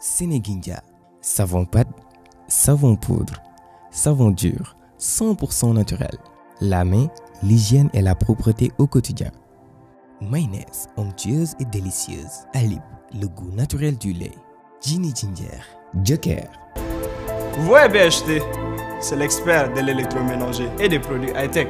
Sénéguindia. Savon pâte, savon poudre, savon dur, 100% naturel. La main, l'hygiène et la propreté au quotidien. Mayonnaise, onctueuse et délicieuse. Alib, le goût naturel du lait. Ginny Ginger. Joker. voyez BHT, c'est l'expert de l'électroménager et des produits high-tech.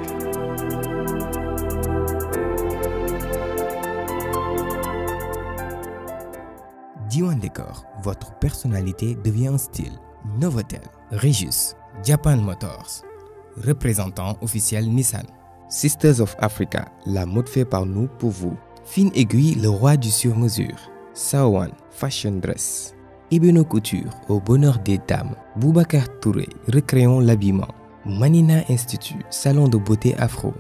Un décor, votre personnalité devient un style. Novotel, Regius, Japan Motors, représentant officiel Nissan. Sisters of Africa, la mode fait par nous pour vous. Fine Aiguille, le roi du sur-mesure. Sawan, Fashion Dress. Ibino Couture, au bonheur des dames. Boubacar Touré, recréons l'habillement. Manina Institute, salon de beauté afro.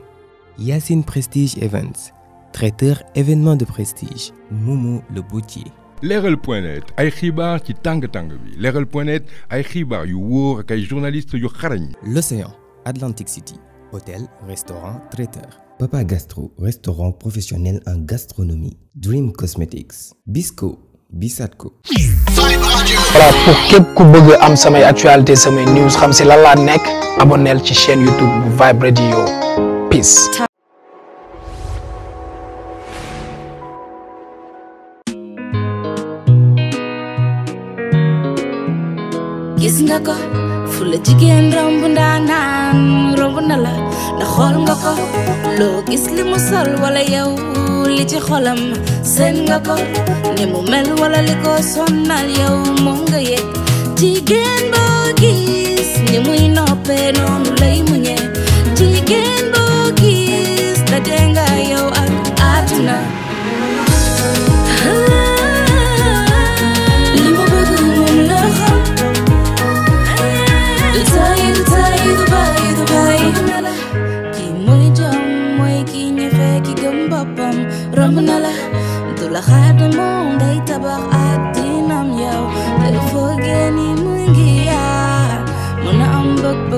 Yacine Prestige Events, traiteur événement de prestige. Momo le boutier leral.net ay xibaar ci tàng tàng bi leral.net ay xibaar yu wóor ak ay journalistes yu xarañ. L'Océan Atlantic City hôtel restaurant traiteur. Papa Gastro restaurant professionnel en gastronomie. Dream Cosmetics. Bisco Bisatco. voilà pour képp ku bëgg am samay actualité samay news xam si lan laa nekk abonnel ci chaîne YouTube bu Vibe Radio peace. nga ko fu la jigéen romb ndaanaan romb na la na xool nga ko loo gis li mu wala yow li ci xolam seen nga ko ni mu mel wala li ko yow moom nga yëg jigéen boo gis ni muy noppee noonu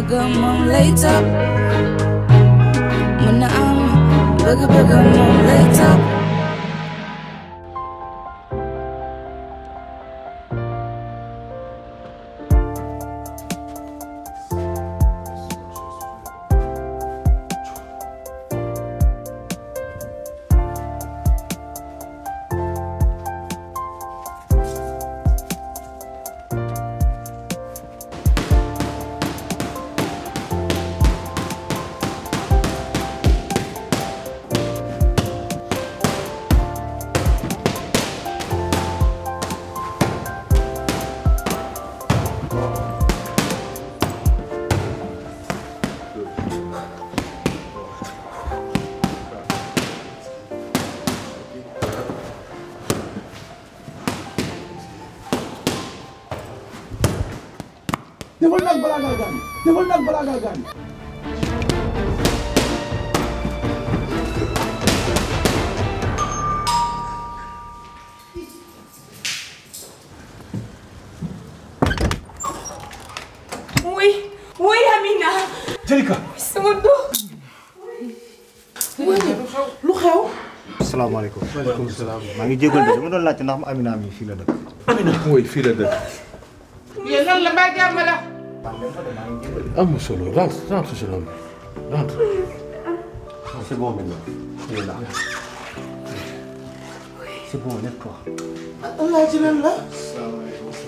boogamum later. When i am booga boogamum later. وي وي مينا جليكا سمدو وي لو السلام عليكم وعليكم السلام ماغي جيغول بس مدون لاتي في لا دك وي في لا دك يا لالا سولو سي بون سي بون الله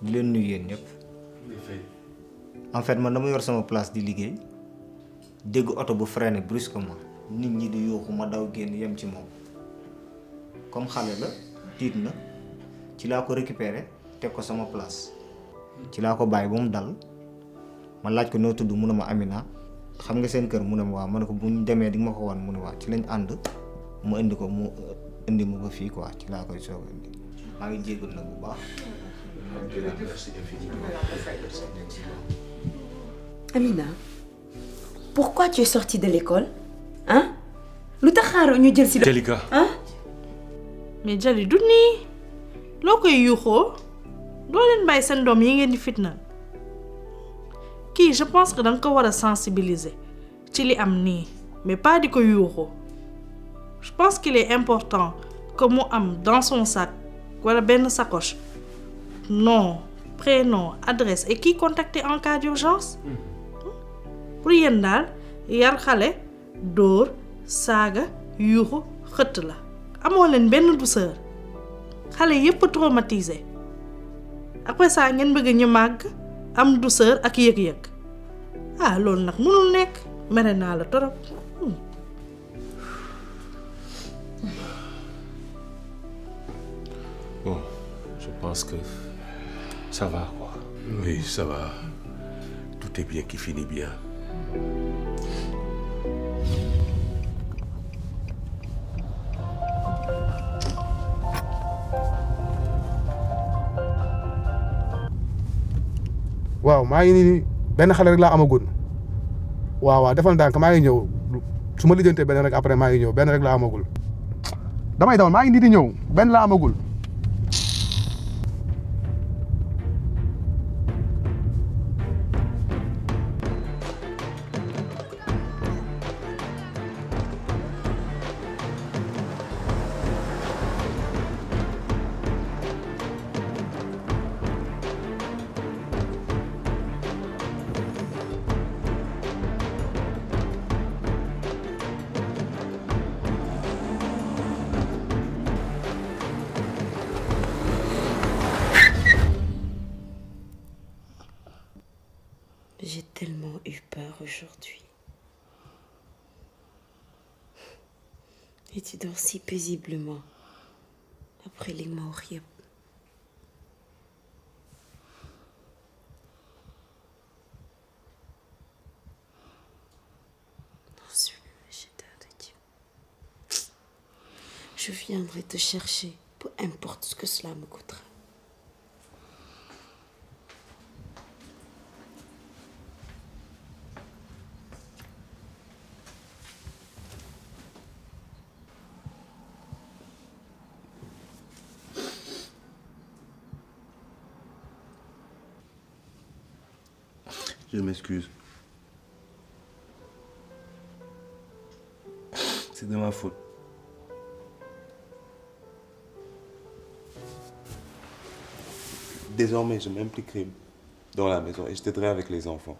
di leen nuyu yéen ñëpp en fait man dama yor sama place di liggéey dégg oto bu freiné brusquement nit ñi di yooxu ma daw génn yem ci moom comme xale la tiit na ci laa ko récupéré teg ko sama place ci laa ko bàyyi ba mu dal ma laaj ko noo tudd mu ne ma Amina xam nga seen kër mu ne ma waa ma ne ko bu ñu demee di ma ko wan mu ne waa ci lañ ànd ma indi ko mu indi mu ko fii quoi ci laa koy soog indi maa ngi nag bu baax Amina, pourquoi tu es sortie de l'école Hein lu tax xaaruñu jël si. Jalika hein? mais Jali du nii loo koy yuuxoo doo leen bàyyi seen yi ngeen di fitna Qui, je pense que d'un nga ko sensibiliser ci li am mais pas di ko yuuxoo je pense qu'il est important que mon am dans son sac wala benn sacoche nom, prénom, adresse et qui contacter en cas d'urgence. Hmm. pour yéen daal yar xale dóor d'or, saga, xëtt la amoo leen benn douceur xale yépp traumatisé après ça ngeen bëgg ñu mag, am douceur ak yëg-yëg ah loolu nag mënul nekk mere naa la torop hmm. bon je pense que. Ça va, quoi. Oui, ça va. Tout est bien qui finit bien. waaw maïni, ngi nii benn xale rek laa amagoon waaw waaw defal ndànk maa ngi ñëw su ma rek après maa ngi ñëw benn rek laa amagul damay maïni maa ngi nii ñëw benn J'ai tellement eu peur aujourd'hui. Et tu dors si paisiblement après les Dieu. Je viendrai te chercher, peu importe ce que cela me coûtera. Excuse, C'est de ma faute. Désormais, je m'impliquerai dans la maison et je t'aiderai avec les enfants.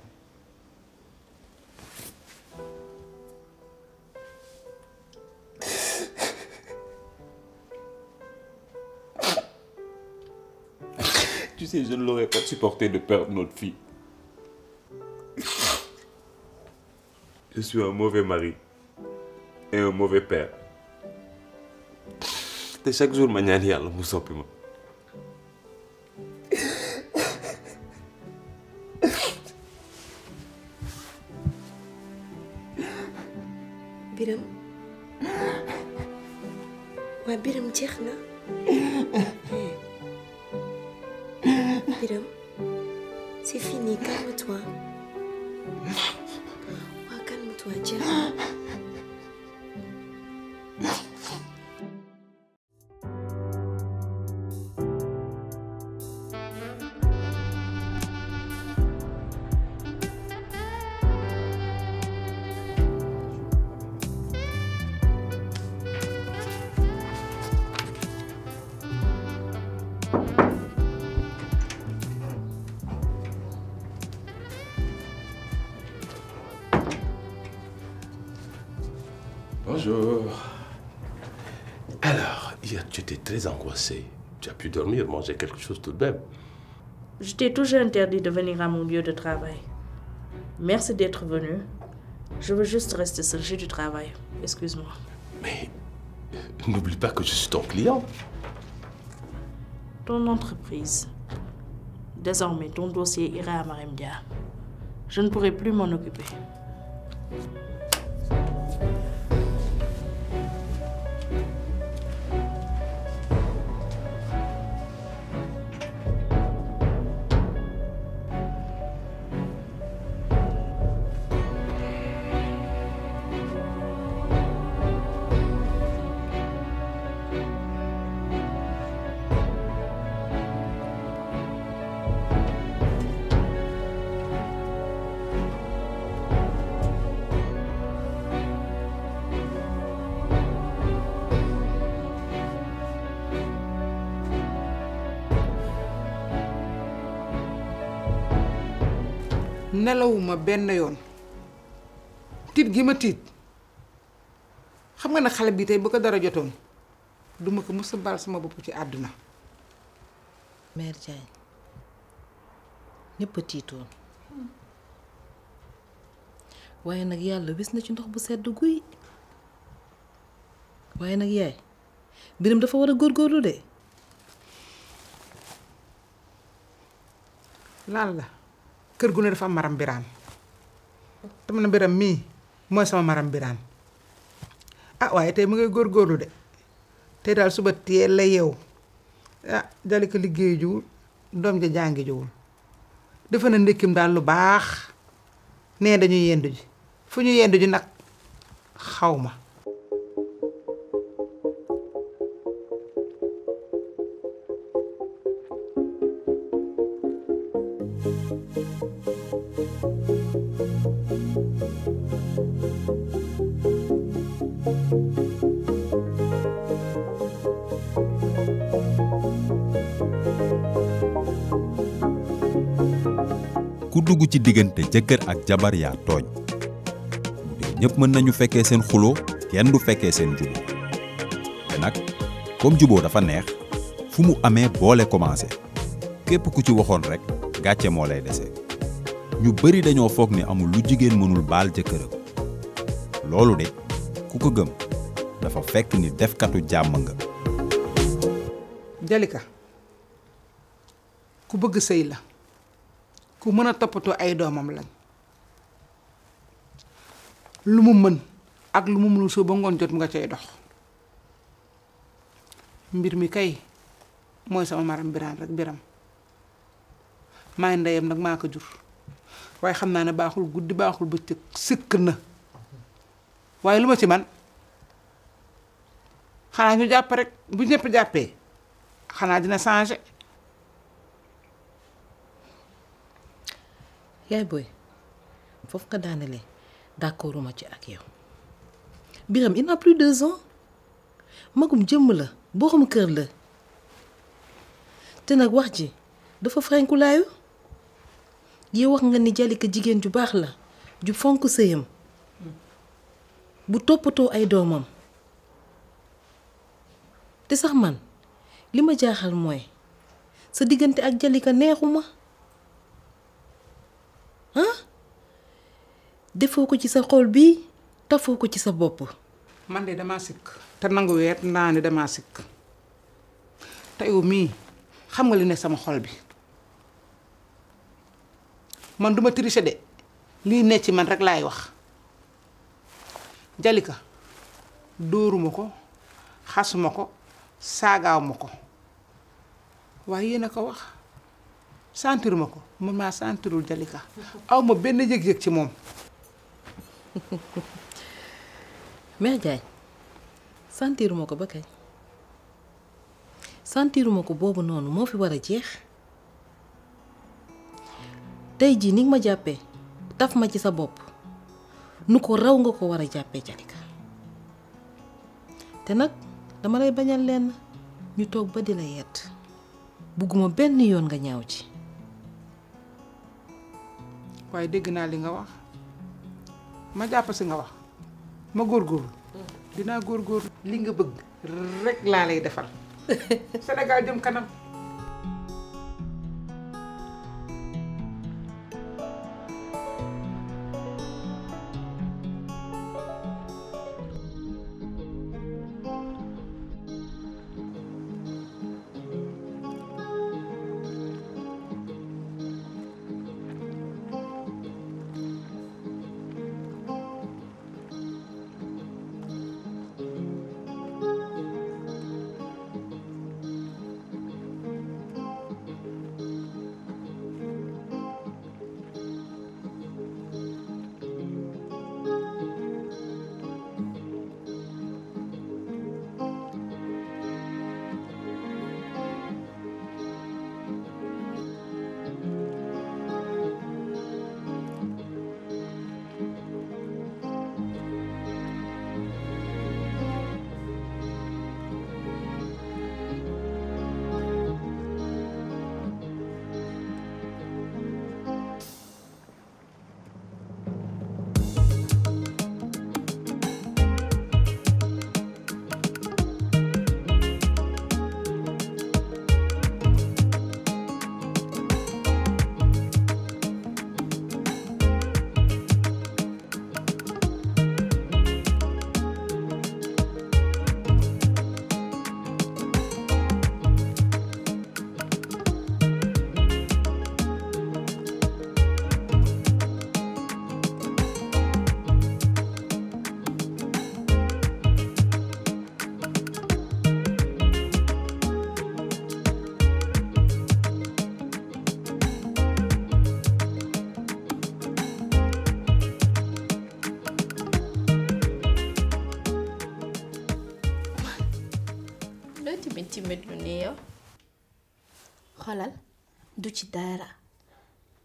tu sais, je ne l'aurais pas supporté de perdre notre fille. Je suis un mauvais mari et un mauvais père. te chaque jour ma ñaan yàlla mu 做作业。très angoissé, Tu as pu dormir, manger quelque chose tout de même. Je t'ai toujours interdit de venir à mon lieu de travail. Merci d'être venu. Je veux juste rester seul. J'ai du travail. Excuse-moi. Mais n'oublie pas que je suis ton client. Ton entreprise. Désormais, ton dossier ira à Maremdia. Je ne pourrai plus m'en occuper. nelawuma benn yoon tiit gi ma tiit xam nga ne xale bi tey bu ko dara jotoon duma ko mës a baal sama bopp ci àdduna mère Diagne ñëpp a tiitoon waaye nag yàlla wis na ci ndox bu sedd guy waaye nag yaay mbiram dafa war a góorgóorlu de lan la kër gu ne dafa am maram biraan te man biram mii mooy sama maram biraan ah waaye tey mu ngay góorgóorlu de te daal suba teel la yeewu ah dale ko liggéeyu jiwul doom ja jàngi defe na ndékkim daal lu baax nee dañuy yendu ji fu ñu yendu ji nag xaw ma ku dugg ci diggante jëkkër ak jabar ya tooñ bu ñëpp mën nañu féké seen xulo kenn du féké seen juboo te nag comme juboo dafa neex fu mu amee boole commencé képp ku ci waxon rek gàcce mo lay déssé ñu bari dañoo foog ne amul lu jigéen mënul baal jëkkëram loolu de ku ko gëm dafa fekk ni defkatu jàmm nga jalika ku bëgg sëy la ku mën a toppatoo ay doomam lañ lu mu mën ak lu mu mënul soo ba ngoon jot nga cay dox mbir mi kay mooy sama maram biraan rek biram maa ndeyam nag maa ko jur waaye xam naa ne baaxul guddi baaxul bëccëg sëkk na waaye lu ma ci man xanaa ñu jàpp rek bu ñëpp jàppee xanaa na changé. yaay booy foofu nga daanale d'accorduma ci ak yow Biram il n'a plus deux ans magum jëmm la boroom kër la te nag wax ji dafa frenkulaayu yi wax nga ni ka jigen ju bax la ju fonk seyam bu topoto ay domam te sax man lima ma jaaxal mooy sa diggante ak jalika neexuma ah defoo ko ci sa xol bi tafoko ci sa bop man de dama sik te nangu wet dama sik mi xam nga li ne sama xol bi man du ma tricher de lii nekk ci man rek laay wax Jalika dóoruma ko xasuma ko saagaawuma ko waaye yéen a ko wax sentiruma ko man maa sentirul Jalika aw benn yëg-yëg ci moom. mais Diagne sentiruma ko ba kañ sentiruma ko boobu noonu moo fi war a jeex. tay jining ni ma jappé taf ma ci sa bop nu ko raw nga ko wara jappé janika té nak dama lay bañal lén ñu tok ba di yett buguma benn yoon nga ñaaw ci way dégg naa li nga wax ma jàpp si nga wax ma mm. dinaa li nga bëgg rek laa lay defal Sénégal jëm kanam ci dara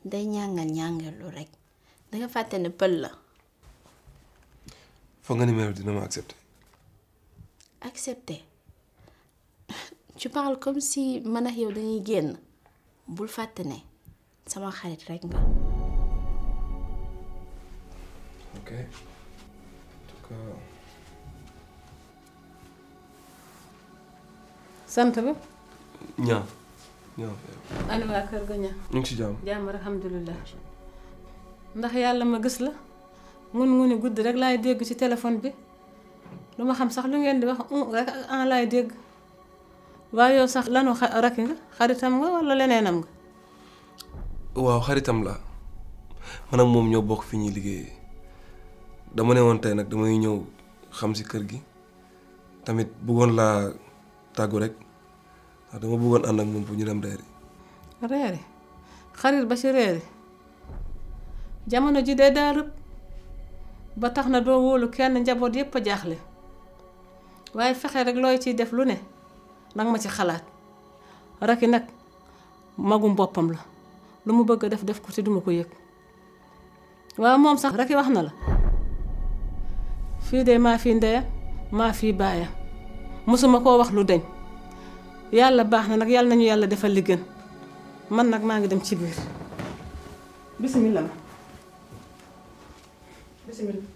day ñàngal ñàngalu rek danga fàtte pël la. foog nga ni mère dina ma accepter. accepter tu parles comme si man ak yow dañuy génn bul fàtte ne sama xarit rek nga. ok en ana waa kër ga ña ndax yàlla ma gis la ngun nguni guddi rek laay dégg ci téléphone bi lu ma xam sax lu ngeen di wax rek en dégg waaye yow sax lanu rakki nga xaritam nga wala leneenam nga waaw xaritam la man ak moom ñoo bokk fi ñuy liggéeyee dama ne woon tey nag damay ñëw xam ci kër gi tamit bëggoon laa tàggu rek waaw dama bëggoon ànd ak moom pour ñu dem reeri reeri xarit ba ci reeri jamono ji day daa ba tax na doo wóolu kenn njaboot yépp a jaaxle waaye fexe rek looy ciy def lu ne nag ma ci xalaat raki nag magum boppam la lu mu bëgg a def def ko ci duma ko yëg waaw moom sax raki wax na la fii de maa fii ndeyam maa fi baayam mosuma koo wax lu deñ Yalla baxna nak yalla nañu yalla defal li gën man nak ma nga dem ci bir bismillah bismillah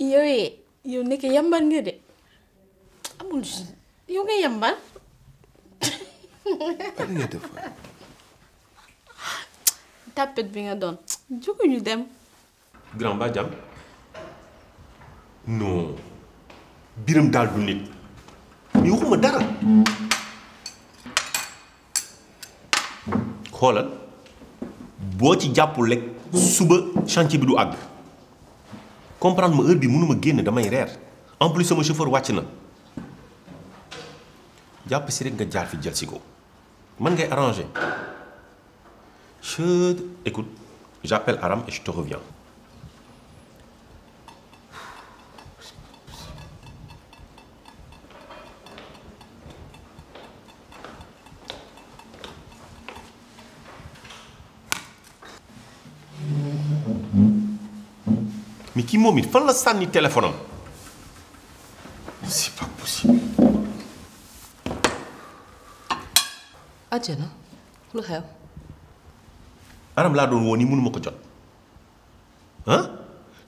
yow yee eh, yow nek yambal nga de amul yow nga yambal kan tapet bi nga doon jóguñu dem grand ba jam non biram dal du nit mais waxuma dara xoolal Bo ci jàppul lek suba chantier bi du ag. comprendre ma heure bi mënuma génn damay rer. en plus sama chauffeur wàcc na Japp si rek nga jaar fi jël ci ko man ngay arranger je écoute j'appelle Aram et je te reviens moom it fan la sànni téléphone am c'est pas possible. ajjana lu xew. anam la doon woo nii mënuma ko jot hein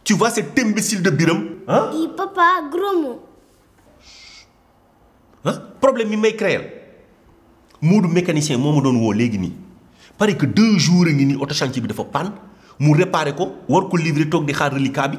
tu vois cet imbécile de Biram hein i papa gros mot. ah problème mi may créer Moodu mécanicien moma ma doon woo léegi nii parce que deux jours a ngi nii oto chantier bi dafa panne mu réparer ko war ko livrer tok di xaar reliquat bi.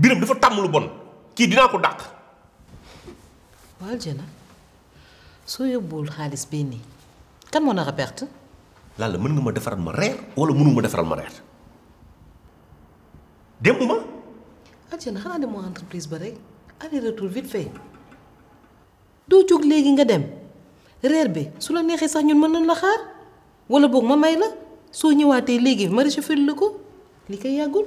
biram dafa tàmm lu bon kii dinaa ko dàq. waaw jëna soo yóbbuwul xaalis bii nii kan moo nar a perte. la mën nga ma defaral ma reer wala mënu defaral ma reer demuma. waaw jëna xanaa moo entreprise ba rek aller retour vite fait doo jóg léegi nga dem reer bi su la neexee sax ñun mën nañ la xaar wala boog ma may la soo ñëwaatee léegi ma réchauffé la ko li koy yàggul.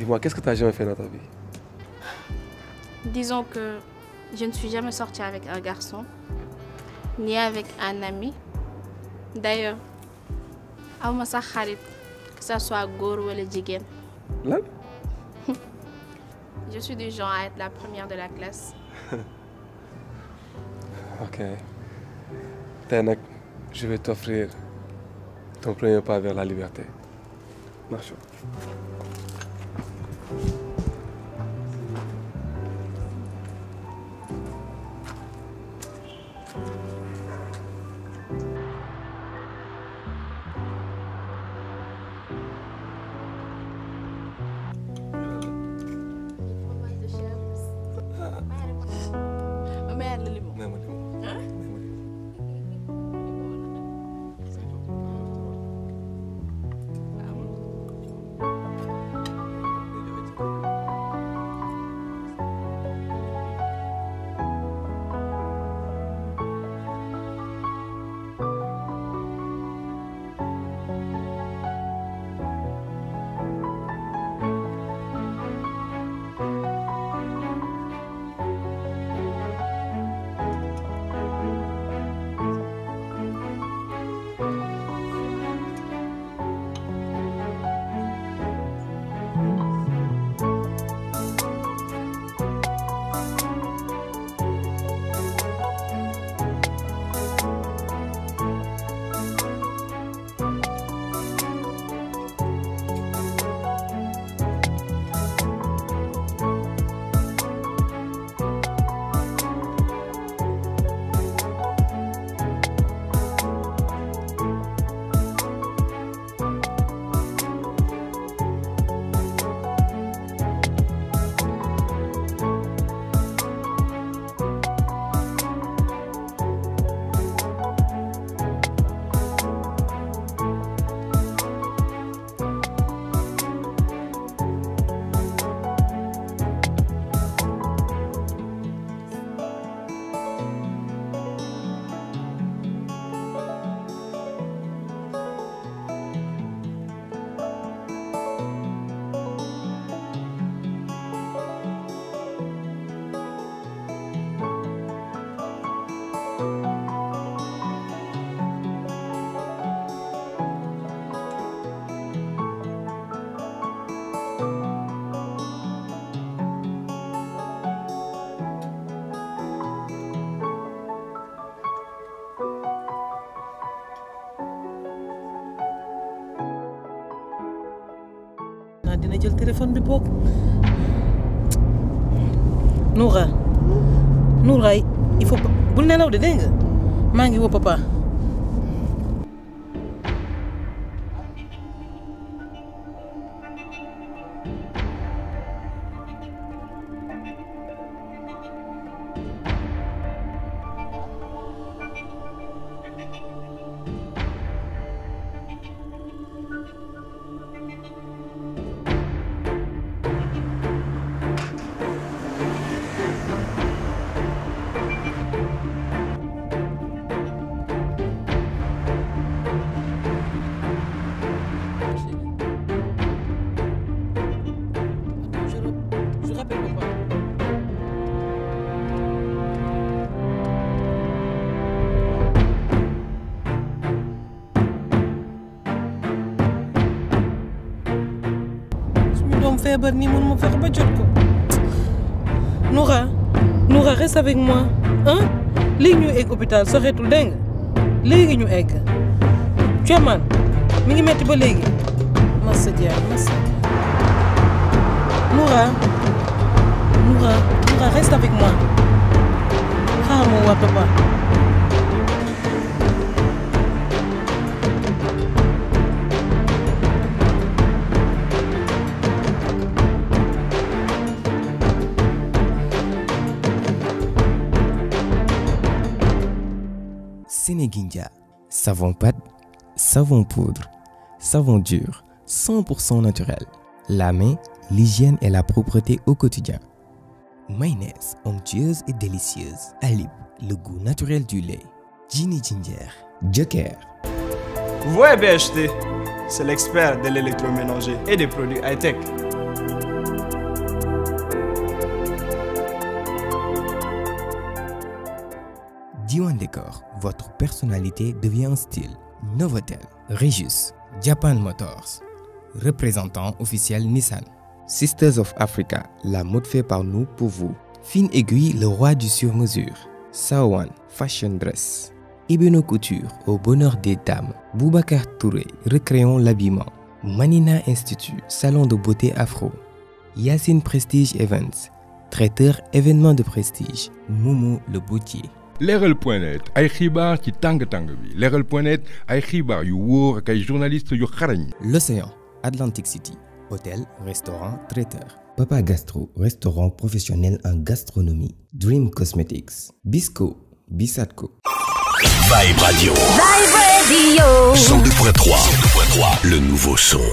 Dis-moi, qu'est-ce que tu as jamais fait dans ta vie Disons que je ne suis jamais sortie avec un garçon, ni avec un ami. D'ailleurs, que ce soit ou le jigéen. Non. je suis du genre à être la première de la classe. ok je vais t'offrir ton premier pas vers la liberté marchons. J'ai le téléphone bi Noura Noura il faut n'avez pas de dingue? nga maa papa Je ne peux pas ba jot ko Noura Noura reste avec moi Hein? Ligne ñu egg tout soxeetul dégg nga léegi Tu tu Noura Noura Noura reste avec moi savon pâte, savon poudre, savon dur, 100% naturel. La main, l'hygiène et la propreté au quotidien. Mayonnaise, onctueuse et délicieuse. Alib, le goût naturel du lait. Ginny Ginger, Joker. Vous voyez BHT, c'est l'expert de l'électroménager et des produits high-tech. D1 décor, votre personnalité devient un style. Novotel, Regius, Japan Motors, représentant officiel Nissan. Sisters of Africa, la mode fait par nous pour vous. Fine Aiguille, le roi du sur-mesure. Sawan, Fashion Dress. Ibeno Couture, au bonheur des dames. Boubacar Touré, recréons l'habillement. Manina Institute, salon de beauté afro. Yacine Prestige Events, traiteur événement de prestige. Momo le boutier leral.net net ay xibaar ci tang tang bi leral.net net ay xibaar yu woor ak ay journalistes yu xarañ. l'Océan Atlantic City hôtel restaurant traiteur. Papa Gastro restaurant professionnel en gastronomie. Dream Cosmetics. Bisco Bisatco. Vibe Radio. Vibe Radio. 102.3 102.3 le nouveau son.